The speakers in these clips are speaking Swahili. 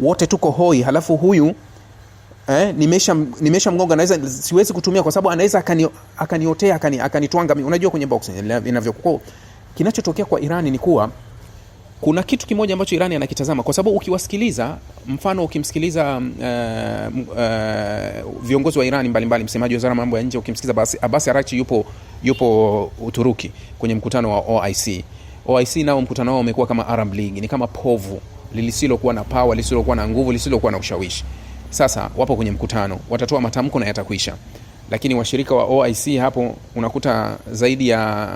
wote tuko hoi, halafu huyu eh, nimesha nimesha mgonga naweza siwezi kutumia kwa sababu anaweza akani, akaniotea akani, akanitwanga. akani Unajua kwenye box eh, inavyokuwa, kinachotokea kwa Irani ni kuwa kuna kitu kimoja ambacho Irani anakitazama kwa sababu ukiwasikiliza, mfano ukimsikiliza uh, uh, viongozi wa Irani mbalimbali, msemaji wa wizara mambo ya nje, ukimsikiliza Abasi Arachi yupo, yupo Uturuki kwenye mkutano wa OIC. OIC nao mkutano wao umekuwa kama Arab League, ni kama povu lisilokuwa na pawa, lisilokuwa na nguvu, lisilokuwa na ushawishi. Sasa wapo kwenye mkutano, watatoa matamko na yatakwisha, lakini washirika wa OIC hapo unakuta zaidi ya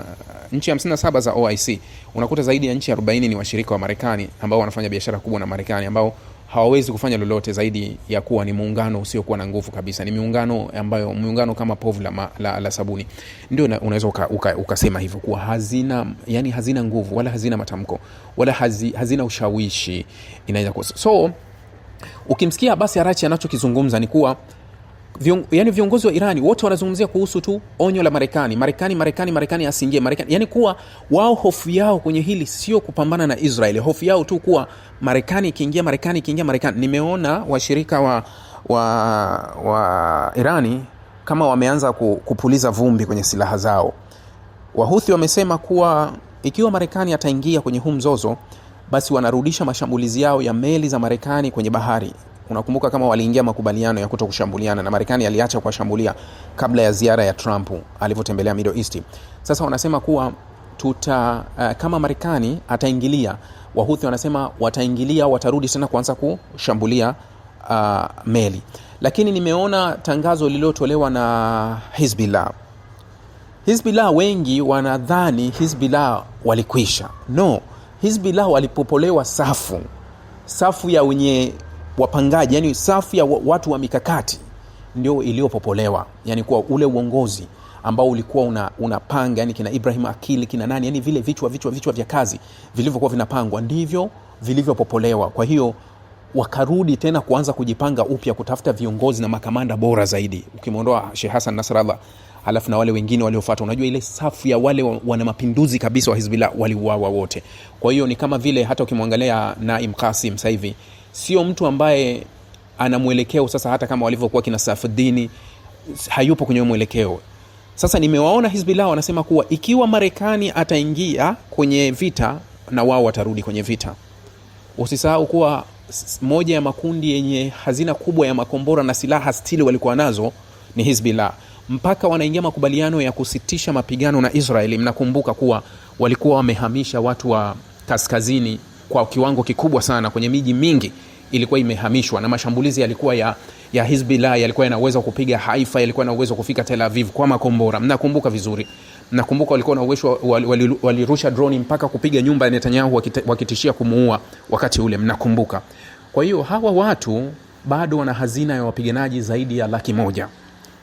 nchi 57 za OIC, unakuta zaidi ya nchi 40 ni washirika wa Marekani ambao wanafanya biashara kubwa na Marekani ambao hawawezi kufanya lolote zaidi ya kuwa ni muungano usiokuwa na nguvu kabisa. Ni miungano ambayo miungano kama povu la, la, la sabuni, ndio unaweza ukasema uka, uka hivyo kuwa hazina, yani hazina nguvu wala hazina matamko wala hazi, hazina ushawishi inaweza kuwa so ukimsikia basi Arachi anachokizungumza ni kuwa vion, yani viongozi wa Irani wote wanazungumzia kuhusu tu onyo la Marekani, Marekani, Marekani, Marekani asiingie Marekani, yani kuwa wao hofu yao kwenye hili sio kupambana na Israeli, hofu yao tu kuwa Marekani ikiingia, Marekani ikiingia, Marekani. Nimeona washirika wa, wa, wa Irani kama wameanza kupuliza vumbi kwenye silaha zao. Wahuthi wamesema kuwa ikiwa Marekani ataingia kwenye huu mzozo, basi wanarudisha mashambulizi yao ya meli za Marekani kwenye bahari Unakumbuka kama waliingia makubaliano ya kuto kushambuliana na Marekani aliacha kuwashambulia kabla ya ziara ya Trump alivyotembelea Middle East. Sasa wanasema kuwa tuta uh, kama Marekani ataingilia, Wahuthi wanasema wataingilia, watarudi tena kuanza kushambulia uh, meli. Lakini nimeona tangazo lililotolewa na Hizbillah. Hizbillah wengi wanadhani Hizbillah walikwisha. No, Hizbillah walipopolewa safu safu ya wenye wapangaji, yani safu ya watu wa mikakati ndio iliyopopolewa, yani kuwa ule uongozi ambao ulikuwa una, unapanga yani kina Ibrahim Akili kina nani, yani vile vichwa vichwa vichwa vya kazi vilivyokuwa vinapangwa ndivyo vilivyopopolewa. Kwa hiyo wakarudi tena kuanza kujipanga upya kutafuta viongozi na makamanda bora zaidi, ukimwondoa sheh hasan Nasrallah alafu na wale wengine waliofata Unajua ile safu ya wale wana mapinduzi kabisa wa Hizbullah waliuawa wote. Kwa hiyo ni kama vile hata ukimwangalia Naim Kasim sasa hivi sio mtu ambaye ana mwelekeo sasa, hata kama walivyokuwa kina Safdini, hayupo kwenye mwelekeo sasa. Nimewaona Hizbillah wanasema kuwa ikiwa Marekani ataingia kwenye vita na wao watarudi kwenye vita. Usisahau kuwa moja ya makundi yenye hazina kubwa ya makombora na silaha stili walikuwa nazo ni Hizbillah mpaka wanaingia makubaliano ya kusitisha mapigano na Israeli. Mnakumbuka kuwa walikuwa wamehamisha watu wa kaskazini kwa kiwango kikubwa sana kwenye miji mingi ilikuwa imehamishwa na mashambulizi yalikuwa ya, ya Hizbullah yalikuwa yana uwezo kupiga Haifa, yalikuwa na uwezo kufika Tel Aviv kwa makombora. Mnakumbuka vizuri, mnakumbuka walikuwa na uwezo, walirusha droni mpaka kupiga nyumba ya Netanyahu wakitishia kumuua wakati ule, mnakumbuka. Kwa hiyo hawa watu bado wana hazina ya wapiganaji zaidi ya laki moja.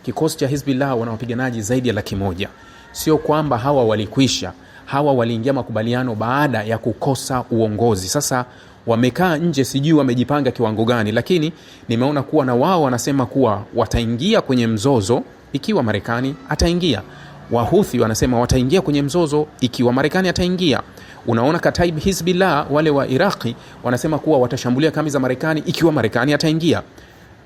Kikosi cha Hizbullah wana wapiganaji zaidi ya laki moja, sio kwamba hawa walikwisha hawa waliingia makubaliano baada ya kukosa uongozi. Sasa wamekaa nje, sijui wamejipanga kiwango gani, lakini nimeona kuwa na wao wanasema kuwa wataingia kwenye mzozo ikiwa Marekani ataingia. Wahuthi wanasema wataingia kwenye mzozo ikiwa Marekani ataingia. Unaona, Kataib Hizbillah wale wa Iraqi wanasema kuwa watashambulia kambi za Marekani ikiwa Marekani ataingia.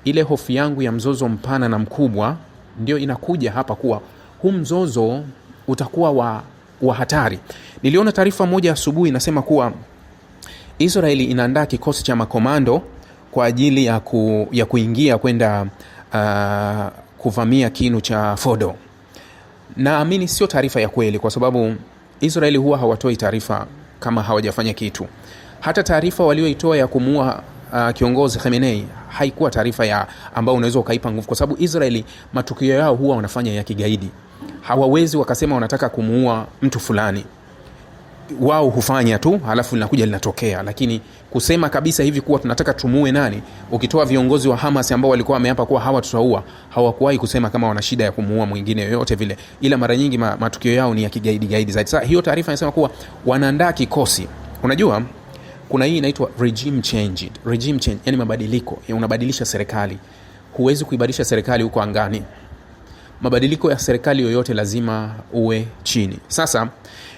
Ile hofu yangu ya mzozo mpana na mkubwa ndio inakuja hapa kuwa huu mzozo utakuwa wa wa hatari. Niliona taarifa moja asubuhi inasema kuwa Israeli inaandaa kikosi cha makomando kwa ajili ya, ku, ya kuingia kwenda uh, kuvamia kinu cha Fodo. Naamini sio taarifa ya kweli, kwa sababu Israeli huwa hawatoi taarifa kama hawajafanya kitu. Hata taarifa walioitoa ya kumuua uh, kiongozi Khamenei haikuwa taarifa ya ambayo unaweza ukaipa nguvu, kwa sababu Israeli matukio yao huwa wanafanya ya kigaidi. Hawawezi wakasema wanataka kumuua mtu fulani, wao hufanya tu halafu linakuja linatokea. Lakini kusema kabisa hivi kuwa tunataka tumuue nani, ukitoa viongozi wa Hamas ambao walikuwa wameapa kuwa hawa tutaua, hawakuwahi kusema kama wana shida ya kumuua mwingine yoyote vile, ila mara nyingi matukio yao ni ya kigaidi gaidi zaidi. Sasa hiyo taarifa inasema kuwa wanaandaa kikosi, unajua kuna hii inaitwa regime change, regime change, yani mabadiliko, yaani unabadilisha serikali. Huwezi kuibadilisha serikali huko angani. Mabadiliko ya serikali yoyote lazima uwe chini. Sasa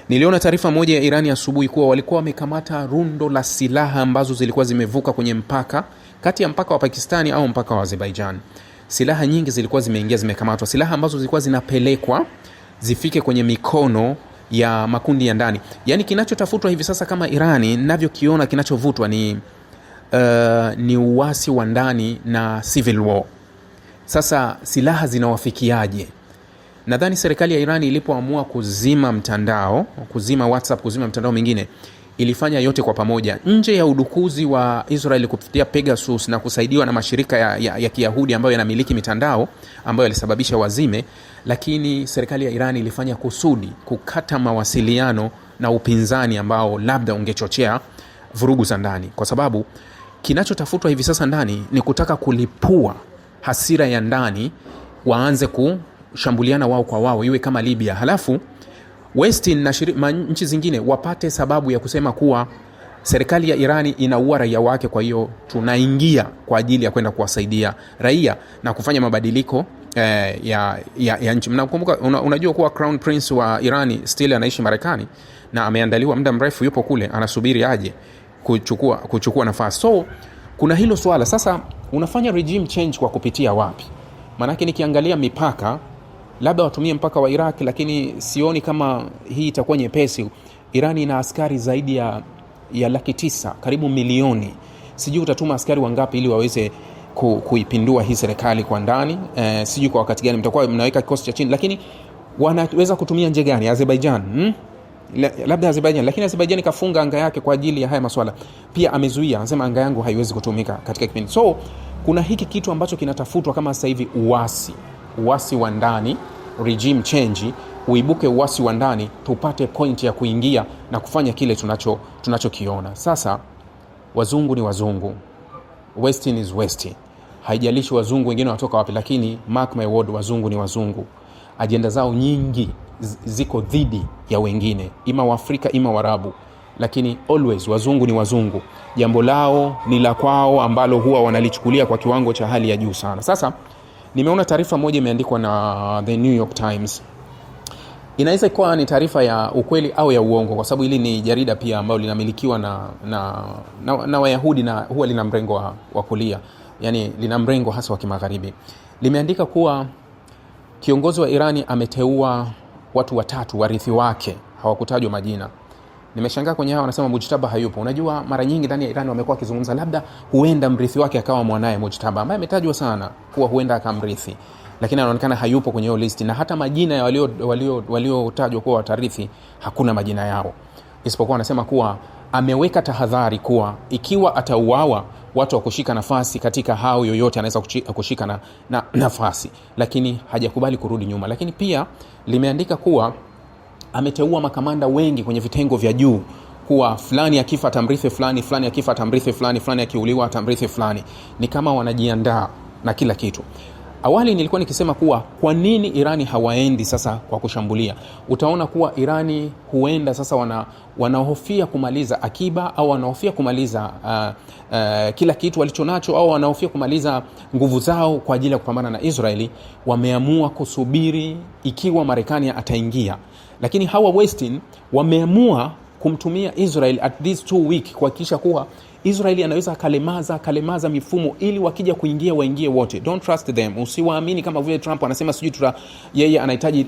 niliona taarifa moja ya Irani asubuhi kuwa walikuwa wamekamata rundo la silaha ambazo zilikuwa zimevuka kwenye mpaka kati ya mpaka wa Pakistani au mpaka wa Azerbaijan. Silaha nyingi zilikuwa zimeingia, zimekamatwa, silaha ambazo zilikuwa zinapelekwa zifike kwenye mikono ya makundi ya ndani. Yaani kinachotafutwa hivi sasa kama Irani ninavyokiona, kinachovutwa ni uh, ni uasi wa ndani na civil war. Sasa silaha zinawafikiaje? Nadhani serikali ya Irani ilipoamua kuzima mtandao, kuzima WhatsApp, kuzima mtandao mingine ilifanya yote kwa pamoja nje ya udukuzi wa Israeli kupitia Pegasus na kusaidiwa na mashirika ya, ya, ya Kiyahudi ambayo yanamiliki mitandao ambayo yalisababisha wazime, lakini serikali ya Iran ilifanya kusudi kukata mawasiliano na upinzani ambao labda ungechochea vurugu za ndani, kwa sababu kinachotafutwa hivi sasa ndani ni kutaka kulipua hasira ya ndani, waanze kushambuliana wao kwa wao, iwe kama Libya halafu Westin na nchi zingine wapate sababu ya kusema kuwa serikali ya Irani inaua raia wake, kwa hiyo tunaingia kwa ajili ya kwenda kuwasaidia raia na kufanya mabadiliko eh, ya, ya, ya nchi. Mnakumbuka, una, unajua kuwa Crown Prince wa Irani still anaishi Marekani na ameandaliwa muda mrefu, yupo kule anasubiri aje kuchukua, kuchukua nafasi. So kuna hilo swala sasa, unafanya regime change kwa kupitia wapi? Maanake nikiangalia mipaka labda watumie mpaka wa Iraq, lakini sioni kama hii itakuwa nyepesi. Irani ina askari zaidi ya, ya laki tisa, karibu milioni. Sijui utatuma askari wangapi ili waweze ku, kuipindua hii serikali kwa ndani e, sijui kwa wakati gani mtakuwa mnaweka kikosi cha chini, lakini wanaweza kutumia nje gani? Azerbaijan hmm? labda Azerbaijan, lakini Azerbaijan kafunga anga yake kwa ajili ya haya maswala. Pia amezuia, anasema anga yangu haiwezi kutumika katika kipindi. So kuna hiki kitu ambacho kinatafutwa kama sasa hivi uasi uasi wa ndani regime change uibuke uasi wa ndani tupate point ya kuingia na kufanya kile tunachokiona tunacho sasa wazungu ni wazungu west is west haijalishi wazungu wengine wanatoka wapi lakini mark my word wazungu ni wazungu ajenda zao nyingi ziko dhidi ya wengine ima waafrika ima warabu lakini always wazungu ni wazungu jambo lao ni la kwao ambalo huwa wanalichukulia kwa kiwango cha hali ya juu sana sasa nimeona taarifa moja imeandikwa na the new york times inaweza ikuwa ni taarifa ya ukweli au ya uongo kwa sababu hili ni jarida pia ambalo linamilikiwa na, na, na, na wayahudi na huwa lina mrengo wa, wa kulia yani lina mrengo hasa wa kimagharibi limeandika kuwa kiongozi wa irani ameteua watu watatu warithi wake hawakutajwa majina Nimeshangaa kwenye hao wanasema Mujtaba hayupo. Unajua, mara nyingi ndani ya irani wamekuwa wakizungumza labda huenda mrithi wake akawa mwanaye Mujtaba ambaye ametajwa sana kuwa huenda akamrithi, lakini anaonekana hayupo kwenye hiyo listi, na hata majina ya waliotajwa kuwa watarithi hakuna majina yao, isipokuwa wanasema kuwa ameweka tahadhari kuwa ikiwa atauawa watu wa kushika nafasi katika hao yoyote anaweza kushika na, na, nafasi, lakini hajakubali kurudi nyuma. Lakini pia limeandika kuwa ameteua makamanda wengi kwenye vitengo vya juu kuwa fulani akifa tamrithi fulani, fulani akifa tamrithi fulani, fulani akiuliwa tamrithi fulani. Ni kama wanajiandaa na kila kitu. Awali nilikuwa nikisema kuwa kwa nini Irani hawaendi sasa kwa kushambulia. Utaona kuwa Irani huenda sasa wana, wanahofia kumaliza akiba au wanahofia kumaliza uh, uh, kila kitu walichonacho au wanahofia kumaliza nguvu zao kwa ajili ya kupambana na Israeli. Wameamua kusubiri ikiwa Marekani ataingia, lakini hawa Westin wameamua kumtumia Israel at this two week kuhakikisha kuwa Israeli anaweza akalemaza akalemaza mifumo ili wakija kuingia waingie wote. Don't trust them, usiwaamini. Kama vile Trump anasema sijui tura yeye anahitaji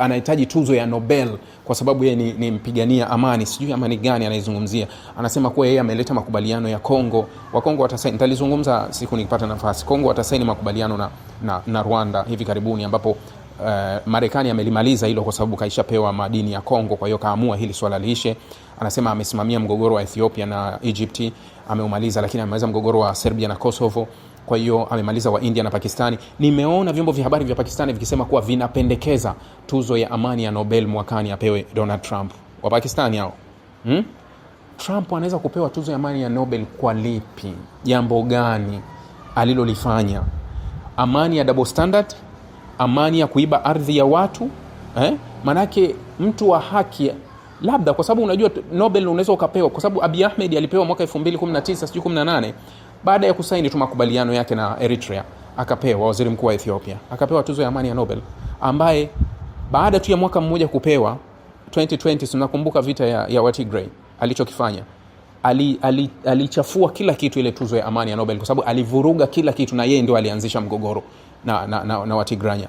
anahitaji tuzo ya Nobel kwa sababu yeye ni, ni mpigania amani. Sijui amani gani anaizungumzia, anasema kuwa yeye ameleta makubaliano ya Kongo. Wakongo watasaini, nitalizungumza siku nikipata nafasi. Kongo watasaini makubaliano na, na, na Rwanda hivi karibuni ambapo Uh, Marekani amelimaliza hilo kwa sababu kaishapewa madini ya Kongo, kwa hiyo kaamua hili swala liishe. Anasema amesimamia mgogoro wa Ethiopia na Egypt, ameumaliza, lakini amemaliza mgogoro wa Serbia na Kosovo kwa hiyo amemaliza wa India na Pakistani. Nimeona vyombo vya habari vya Pakistani vikisema kuwa vinapendekeza tuzo ya amani ya Nobel mwakani apewe Donald Trump. Wa Pakistani hao hmm? Trump anaweza kupewa tuzo ya amani ya Nobel kwa lipi? Jambo gani alilolifanya? Amani ya double standard, amani ya kuiba ardhi ya watu eh? Manake mtu wa haki labda kwa sababu unajua Nobel unaweza ukapewa, kwa sababu Abiy Ahmed alipewa mwaka 2019 sijui 18 baada ya kusaini tu makubaliano yake na Eritrea, akapewa waziri mkuu wa Ethiopia akapewa tuzo ya amani ya Nobel, ambaye baada tu ya mwaka mmoja kupewa 2020, tunakumbuka vita ya, ya Watigray alichokifanya alichafua ali, ali kila kitu ile tuzo ya amani ya Nobel kwa sababu alivuruga kila kitu, na yeye ndio alianzisha mgogoro na, na, na, na Watigranya.